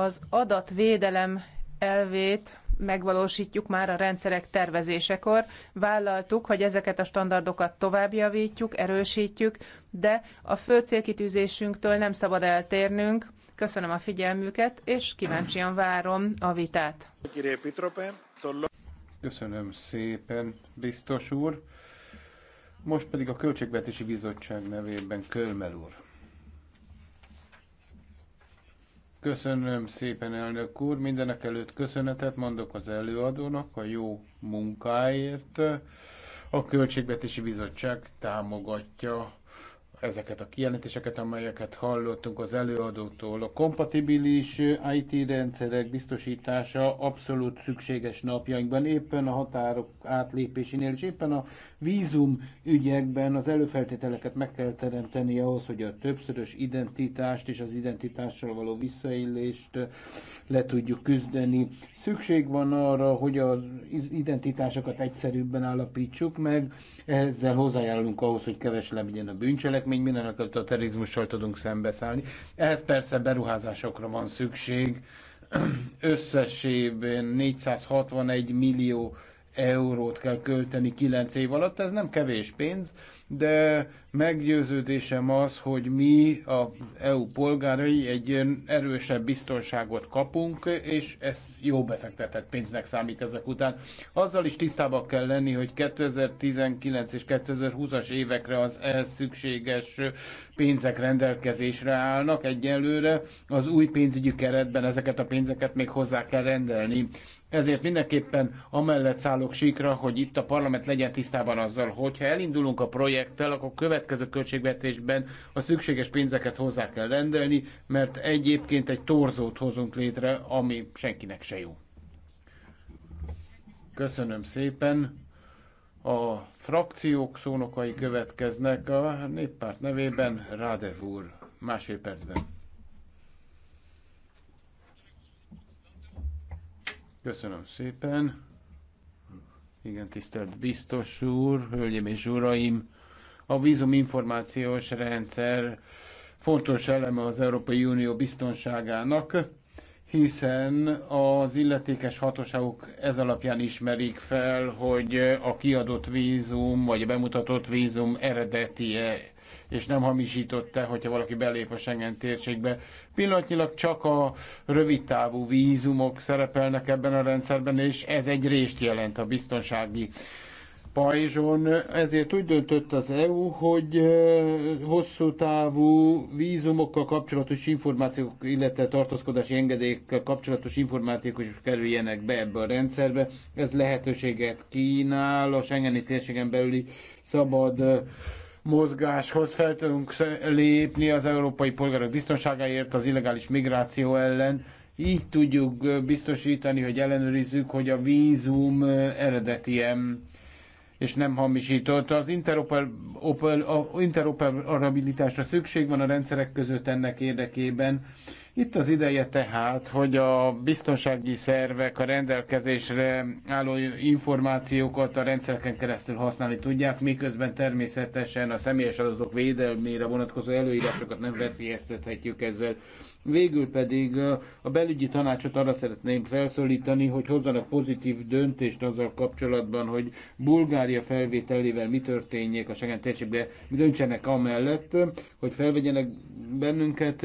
az adatvédelem elvét megvalósítjuk már a rendszerek tervezésekor. Vállaltuk, hogy ezeket a standardokat továbbjavítjuk, erősítjük, de a fő célkitűzésünktől nem szabad eltérnünk. Köszönöm a figyelmüket, és kíváncsian várom a vitát. Köszönöm szépen, biztos úr. Most pedig a Költségvetési Bizottság nevében Kölmel úr. Köszönöm szépen, elnök úr. Mindenek előtt köszönetet mondok az előadónak a jó munkáért. A Költségvetési Bizottság támogatja ezeket a kijelentéseket, amelyeket hallottunk az előadótól. A kompatibilis IT rendszerek biztosítása abszolút szükséges napjainkban, éppen a határok átlépésénél, és éppen a vízum ügyekben az előfeltételeket meg kell teremteni ahhoz, hogy a többszörös identitást és az identitással való visszaillést le tudjuk küzdeni. Szükség van arra, hogy az identitásokat egyszerűbben állapítsuk meg, ezzel hozzájárulunk ahhoz, hogy kevesebb legyen a bűncselekmény, még minden a terrorizmussal tudunk szembeszállni. Ehhez persze beruházásokra van szükség. (clears throat) Összességében 461 millió eurót kell költeni 9 év alatt, ez nem kevés pénz, de meggyőződésem az, hogy mi az EU polgárai egy erősebb biztonságot kapunk, és ez jó befektetett pénznek számít ezek után. Azzal is tisztában kell lenni, hogy 2019 és 2020-as évekre az ehhez szükséges pénzek rendelkezésre állnak egyelőre. Az új pénzügyi keretben ezeket a pénzeket még hozzá kell rendelni. Ezért mindenképpen amellett szállok síkra, hogy itt a parlament legyen tisztában azzal, hogyha elindulunk a projekttel, akkor a következő költségvetésben a szükséges pénzeket hozzá kell rendelni, mert egyébként egy torzót hozunk létre, ami senkinek se jó. Köszönöm szépen. A frakciók szónokai következnek a néppárt nevében Rádev úr másfél percben. Köszönöm szépen. Igen, tisztelt biztos úr, hölgyeim és uraim! A vízuminformációs rendszer fontos eleme az Európai Unió biztonságának, hiszen az illetékes hatóságok ez alapján ismerik fel, hogy a kiadott vízum vagy a bemutatott vízum eredeti-e és nem hamisította, hogyha valaki belép a Schengen térségbe. Pillanatnyilag csak a rövidtávú vízumok szerepelnek ebben a rendszerben, és ez egy részt jelent a biztonsági pajzson, ezért úgy döntött az EU, hogy hosszú távú vízumokkal kapcsolatos információk, illetve tartózkodási engedélyekkel kapcsolatos információk is kerüljenek be ebbe a rendszerbe. Ez lehetőséget kínál a Schengeni térségen belüli szabad mozgáshoz fel tudunk lépni az európai polgárok biztonságáért, az illegális migráció ellen. Így tudjuk biztosítani, hogy ellenőrizzük, hogy a vízum eredetiem és nem hamisított. Az interoperabilitásra szükség van a rendszerek között ennek érdekében, itt az ideje tehát, hogy a biztonsági szervek a rendelkezésre álló információkat a rendszereken keresztül használni tudják, miközben természetesen a személyes adatok védelmére vonatkozó előírásokat nem veszélyeztethetjük ezzel. Végül pedig a belügyi tanácsot arra szeretném felszólítani, hogy hozzanak pozitív döntést azzal kapcsolatban, hogy Bulgária felvételével mi történjék a Schengen térségbe, döntsenek amellett, hogy felvegyenek bennünket,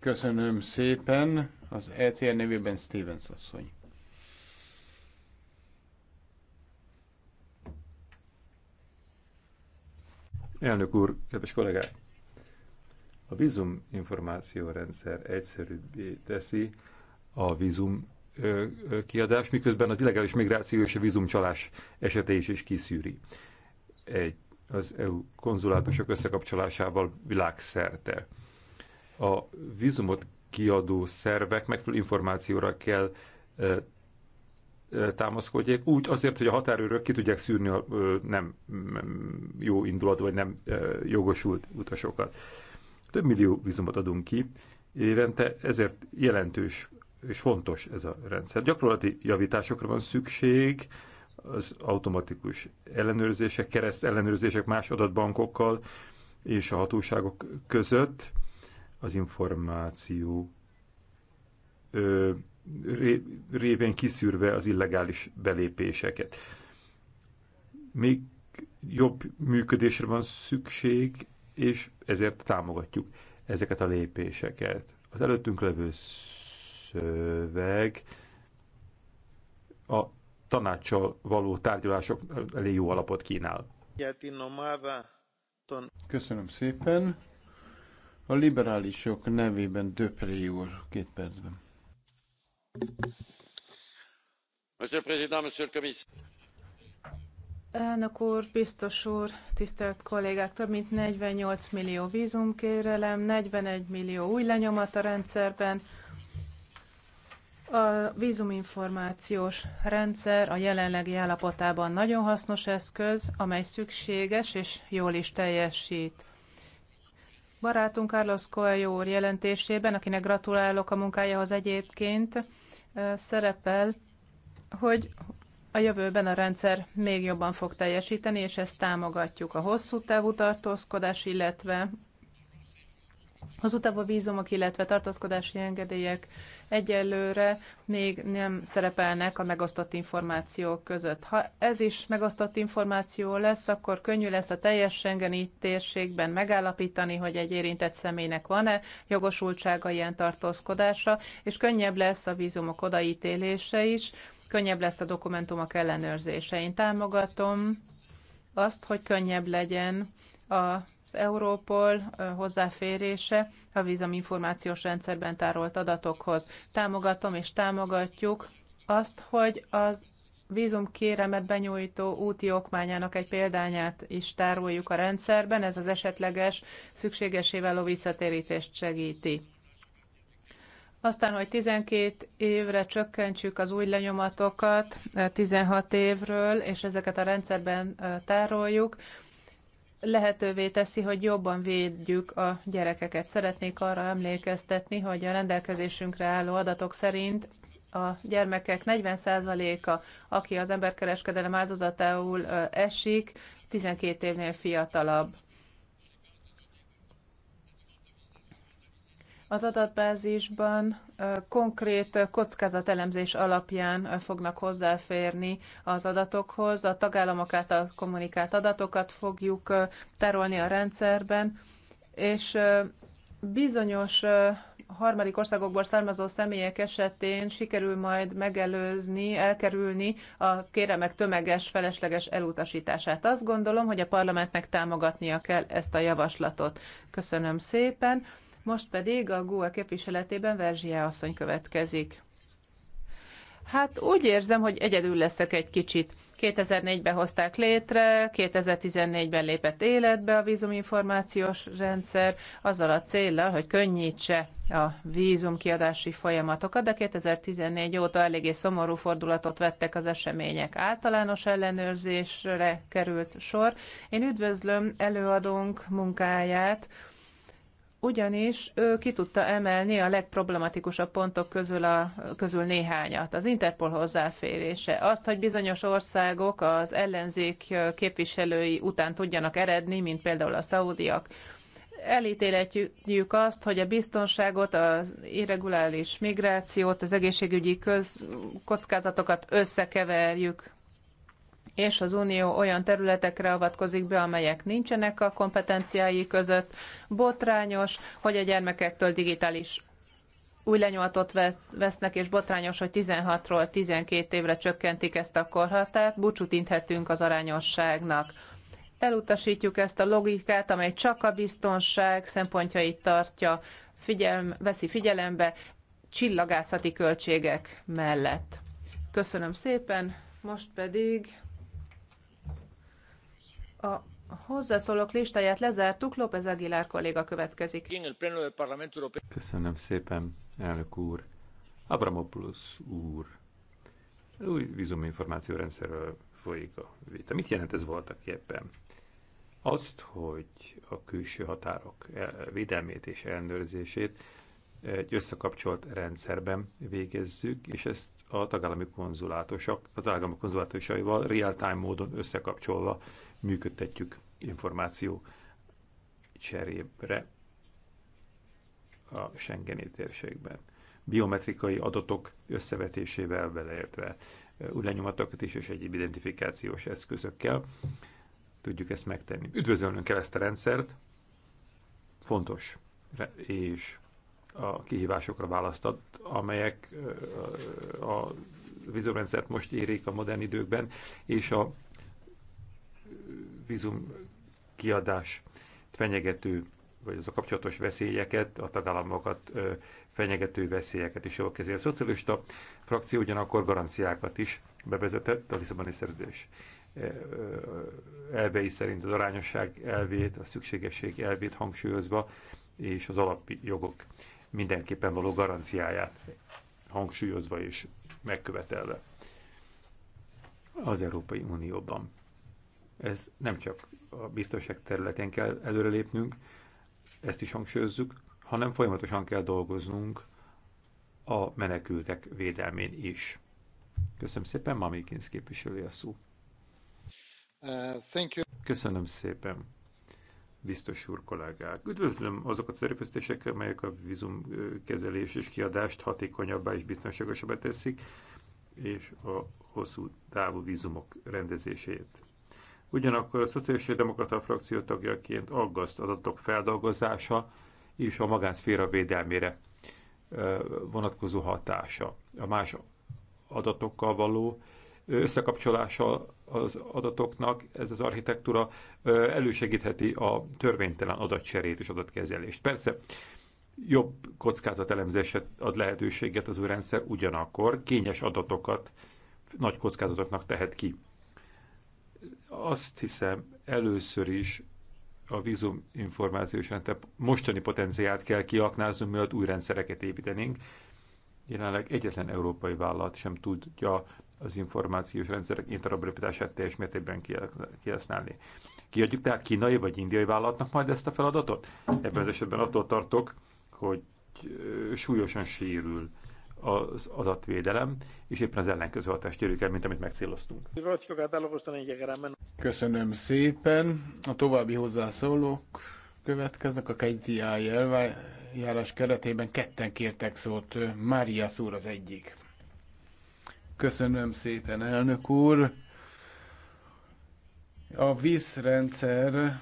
Köszönöm szépen. Az ECR nevében Stevens asszony. Elnök úr, kedves kollégák! A vízum információrendszer egyszerűbbé teszi a vízum kiadás, miközben az illegális migráció és a vízumcsalás esetei is, is kiszűri. Egy az EU konzulátusok összekapcsolásával világszerte. A vízumot kiadó szervek megfelelő információra kell támaszkodjék, úgy azért, hogy a határőrök ki tudják szűrni a nem jó indulatú vagy nem jogosult utasokat. Több millió vízumot adunk ki évente, ezért jelentős és fontos ez a rendszer. Gyakorlati javításokra van szükség, az automatikus ellenőrzések, kereszt ellenőrzések más adatbankokkal és a hatóságok között az információ ö, ré, révén kiszűrve az illegális belépéseket. Még jobb működésre van szükség, és ezért támogatjuk ezeket a lépéseket. Az előttünk levő szöveg a tanácssal való tárgyalások elé jó alapot kínál. Köszönöm szépen. A liberálisok nevében Döpré úr, két percben. Elnök úr, biztos úr, tisztelt kollégák, több mint 48 millió vízumkérelem, 41 millió új lenyomat a rendszerben, a vízuminformációs rendszer a jelenlegi állapotában nagyon hasznos eszköz, amely szükséges és jól is teljesít. Barátunk Carlos Coelho úr jelentésében, akinek gratulálok a munkájához egyébként, szerepel, hogy a jövőben a rendszer még jobban fog teljesíteni, és ezt támogatjuk a hosszú távú tartózkodás, illetve az a vízumok, illetve tartózkodási engedélyek egyelőre még nem szerepelnek a megosztott információk között. Ha ez is megosztott információ lesz, akkor könnyű lesz a teljes Schengeni térségben megállapítani, hogy egy érintett személynek van-e jogosultsága ilyen tartózkodásra, és könnyebb lesz a vízumok odaítélése is, könnyebb lesz a dokumentumok ellenőrzése. Én támogatom azt, hogy könnyebb legyen a az Európol hozzáférése a vízum információs rendszerben tárolt adatokhoz. Támogatom és támogatjuk azt, hogy az vízum kéremet benyújtó úti okmányának egy példányát is tároljuk a rendszerben, ez az esetleges szükségesével a visszatérítést segíti. Aztán, hogy 12 évre csökkentsük az új lenyomatokat 16 évről, és ezeket a rendszerben tároljuk, lehetővé teszi, hogy jobban védjük a gyerekeket. Szeretnék arra emlékeztetni, hogy a rendelkezésünkre álló adatok szerint a gyermekek 40%-a, aki az emberkereskedelem áldozatául esik, 12 évnél fiatalabb. az adatbázisban konkrét kockázatelemzés alapján fognak hozzáférni az adatokhoz. A tagállamok által kommunikált adatokat fogjuk tárolni a rendszerben, és bizonyos harmadik országokból származó személyek esetén sikerül majd megelőzni, elkerülni a kéremek tömeges, felesleges elutasítását. Azt gondolom, hogy a parlamentnek támogatnia kell ezt a javaslatot. Köszönöm szépen. Most pedig a GUE képviseletében Verzsia asszony következik. Hát úgy érzem, hogy egyedül leszek egy kicsit. 2004-ben hozták létre, 2014-ben lépett életbe a vízuminformációs rendszer, azzal a céllal, hogy könnyítse a vízumkiadási folyamatokat, de 2014 óta eléggé szomorú fordulatot vettek az események. Általános ellenőrzésre került sor. Én üdvözlöm előadónk munkáját, ugyanis ő ki tudta emelni a legproblematikusabb pontok közül, a, közül néhányat. Az Interpol hozzáférése, azt, hogy bizonyos országok az ellenzék képviselői után tudjanak eredni, mint például a szaudiak. Elítéletjük azt, hogy a biztonságot, az irreguláris migrációt, az egészségügyi köz, kockázatokat összekeverjük és az Unió olyan területekre avatkozik be, amelyek nincsenek a kompetenciái között. Botrányos, hogy a gyermekektől digitális új lenyomatot vesznek, és botrányos, hogy 16-ról 12 évre csökkentik ezt a korhatárt, búcsút inthetünk az arányosságnak. Elutasítjuk ezt a logikát, amely csak a biztonság szempontjait tartja, figyelm, veszi figyelembe, csillagászati költségek mellett. Köszönöm szépen, most pedig a hozzászólók listáját lezártuk, López Aguilar kolléga következik. Köszönöm szépen, elnök úr. Abramopoulos úr. Új vízuminformációrendszerről folyik a vita. Mit jelent ez voltak ebben? Azt, hogy a külső határok e- védelmét és ellenőrzését egy összekapcsolt rendszerben végezzük, és ezt a tagállami konzulátusok, az állami konzulátusaival real-time módon összekapcsolva működtetjük információ cserébre a Schengeni térségben. Biometrikai adatok összevetésével beleértve lenyomatokat is és egyéb identifikációs eszközökkel tudjuk ezt megtenni. Üdvözölnünk kell ezt a rendszert, fontos és a kihívásokra választat, amelyek a vízorrendszert most érik a modern időkben, és a vízum kiadás fenyegető, vagy az a kapcsolatos veszélyeket, a tagállamokat fenyegető veszélyeket is jól kezeli. A szocialista frakció ugyanakkor garanciákat is bevezetett a Lisszaboni szerződés elvei szerint az arányosság elvét, a szükségesség elvét hangsúlyozva, és az alapjogok mindenképpen való garanciáját hangsúlyozva és megkövetelve az Európai Unióban. Ez nem csak a biztonság területén kell előrelépnünk, ezt is hangsúlyozzuk, hanem folyamatosan kell dolgoznunk a menekültek védelmén is. Köszönöm szépen, Kinsz képviselő a szó. Uh, Köszönöm szépen, biztos úr kollégák. Üdvözlöm azokat az erőfeszítéseket, amelyek a vízumkezelés uh, és kiadást hatékonyabbá és biztonságosabbá teszik, és a hosszú távú vízumok rendezését Ugyanakkor a Szociális Demokrata frakció tagjaként aggaszt az adatok feldolgozása és a magánszféra védelmére vonatkozó hatása. A más adatokkal való összekapcsolása az adatoknak, ez az architektúra elősegítheti a törvénytelen adatcserét és adatkezelést. Persze jobb elemzéset ad lehetőséget az új rendszer, ugyanakkor kényes adatokat nagy kockázatoknak tehet ki azt hiszem először is a vízum információs rendszer mostani potenciált kell kiaknáznunk, mielőtt új rendszereket építenénk. Jelenleg egyetlen európai vállalat sem tudja az információs rendszerek interoperabilitását teljes mértékben kihasználni. Kiadjuk tehát kínai vagy indiai vállalatnak majd ezt a feladatot? Ebben az esetben attól tartok, hogy súlyosan sérül az adatvédelem, és éppen az ellenkező hatást érjük el, mint amit megcéloztunk. Köszönöm szépen. A további hozzászólók következnek a KGI eljárás keretében. Ketten kértek szót, Mária szúr az egyik. Köszönöm szépen, elnök úr. A vízrendszer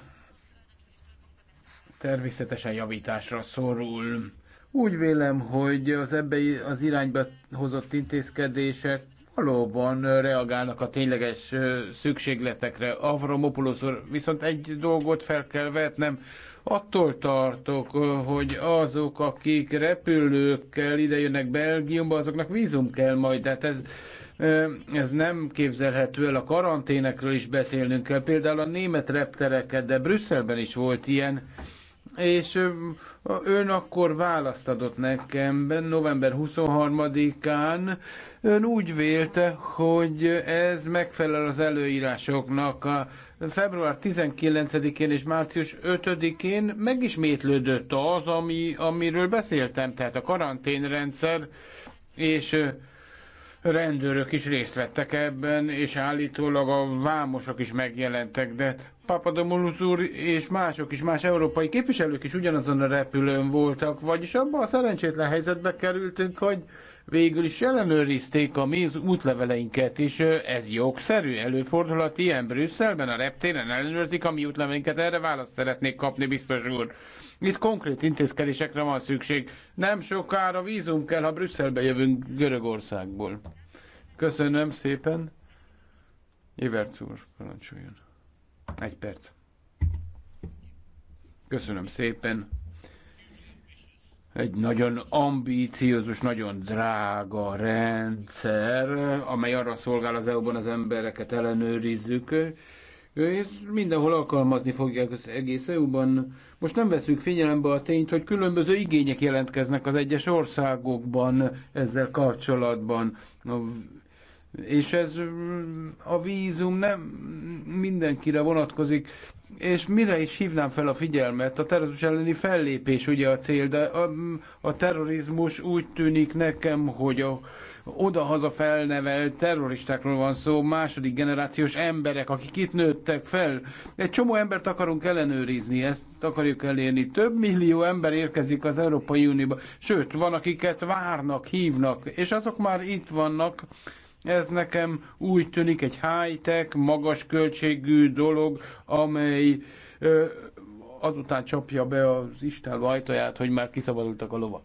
természetesen javításra szorul úgy vélem, hogy az ebbe az irányba hozott intézkedések valóban reagálnak a tényleges szükségletekre. Avramopoulos úr, viszont egy dolgot fel kell vetnem, attól tartok, hogy azok, akik repülőkkel idejönnek Belgiumba, azoknak vízum kell majd. Tehát ez, ez nem képzelhető el. A karanténekről is beszélnünk kell. Például a német reptereket, de Brüsszelben is volt ilyen és ön akkor választ adott nekem november 23-án. Ön úgy vélte, hogy ez megfelel az előírásoknak. A február 19-én és március 5-én megismétlődött az, ami, amiről beszéltem, tehát a karanténrendszer, és rendőrök is részt vettek ebben, és állítólag a vámosok is megjelentek, de Papadomulus úr és mások is, más európai képviselők is ugyanazon a repülőn voltak, vagyis abban a szerencsétlen helyzetbe kerültünk, hogy végül is ellenőrizték a mi útleveleinket, és ez jogszerű, előfordulhat ilyen Brüsszelben, a reptéren ellenőrzik a mi útleveleinket, erre választ szeretnék kapni, biztos úr. Itt konkrét intézkedésekre van szükség. Nem sokára vízum kell, ha Brüsszelbe jövünk Görögországból. Köszönöm szépen. Éverc úr, parancsoljon. Egy perc. Köszönöm szépen. Egy nagyon ambíciózus, nagyon drága rendszer, amely arra szolgál az EU-ban az embereket ellenőrizzük. És mindenhol alkalmazni fogják az egész EU-ban most nem veszünk figyelembe a tényt, hogy különböző igények jelentkeznek az egyes országokban ezzel kapcsolatban. És ez mm, a vízum nem mindenkire vonatkozik. És mire is hívnám fel a figyelmet? A terrorizmus elleni fellépés ugye a cél, de a, a terrorizmus úgy tűnik nekem, hogy a oda-haza felnevelt terroristákról van szó, második generációs emberek, akik itt nőttek fel. Egy csomó embert akarunk ellenőrizni, ezt akarjuk elérni. Több millió ember érkezik az Európai Unióba, sőt, van akiket várnak, hívnak, és azok már itt vannak, ez nekem úgy tűnik egy high-tech, magas költségű dolog, amely ö, azután csapja be az istáló ajtaját, hogy már kiszabadultak a lovak.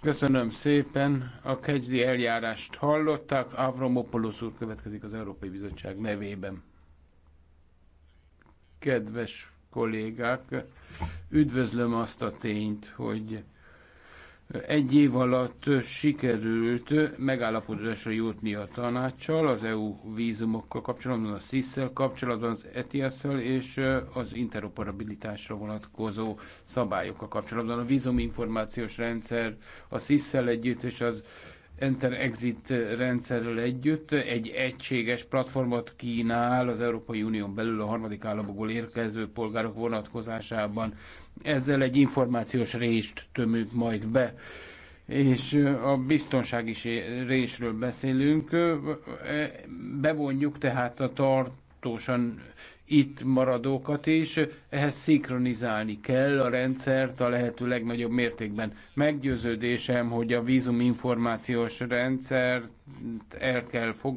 Köszönöm szépen. A kegydi eljárást hallották. Avromopoulos úr következik az Európai Bizottság nevében. Kedves kollégák, üdvözlöm azt a tényt, hogy egy év alatt sikerült megállapodásra jutni a tanácssal, az EU vízumokkal kapcsolatban, a sis kapcsolatban, az ets és az interoperabilitásra vonatkozó szabályokkal kapcsolatban. A vízuminformációs rendszer a sis együtt és az Enter-Exit rendszerrel együtt egy egységes platformot kínál az Európai Unión belül a harmadik államokból érkező polgárok vonatkozásában. Ezzel egy információs rést tömünk majd be és a biztonsági résről beszélünk. Bevonjuk tehát a tartósan itt maradókat is, ehhez szinkronizálni kell a rendszert a lehető legnagyobb mértékben. Meggyőződésem, hogy a vízuminformációs rendszert el kell fogadni,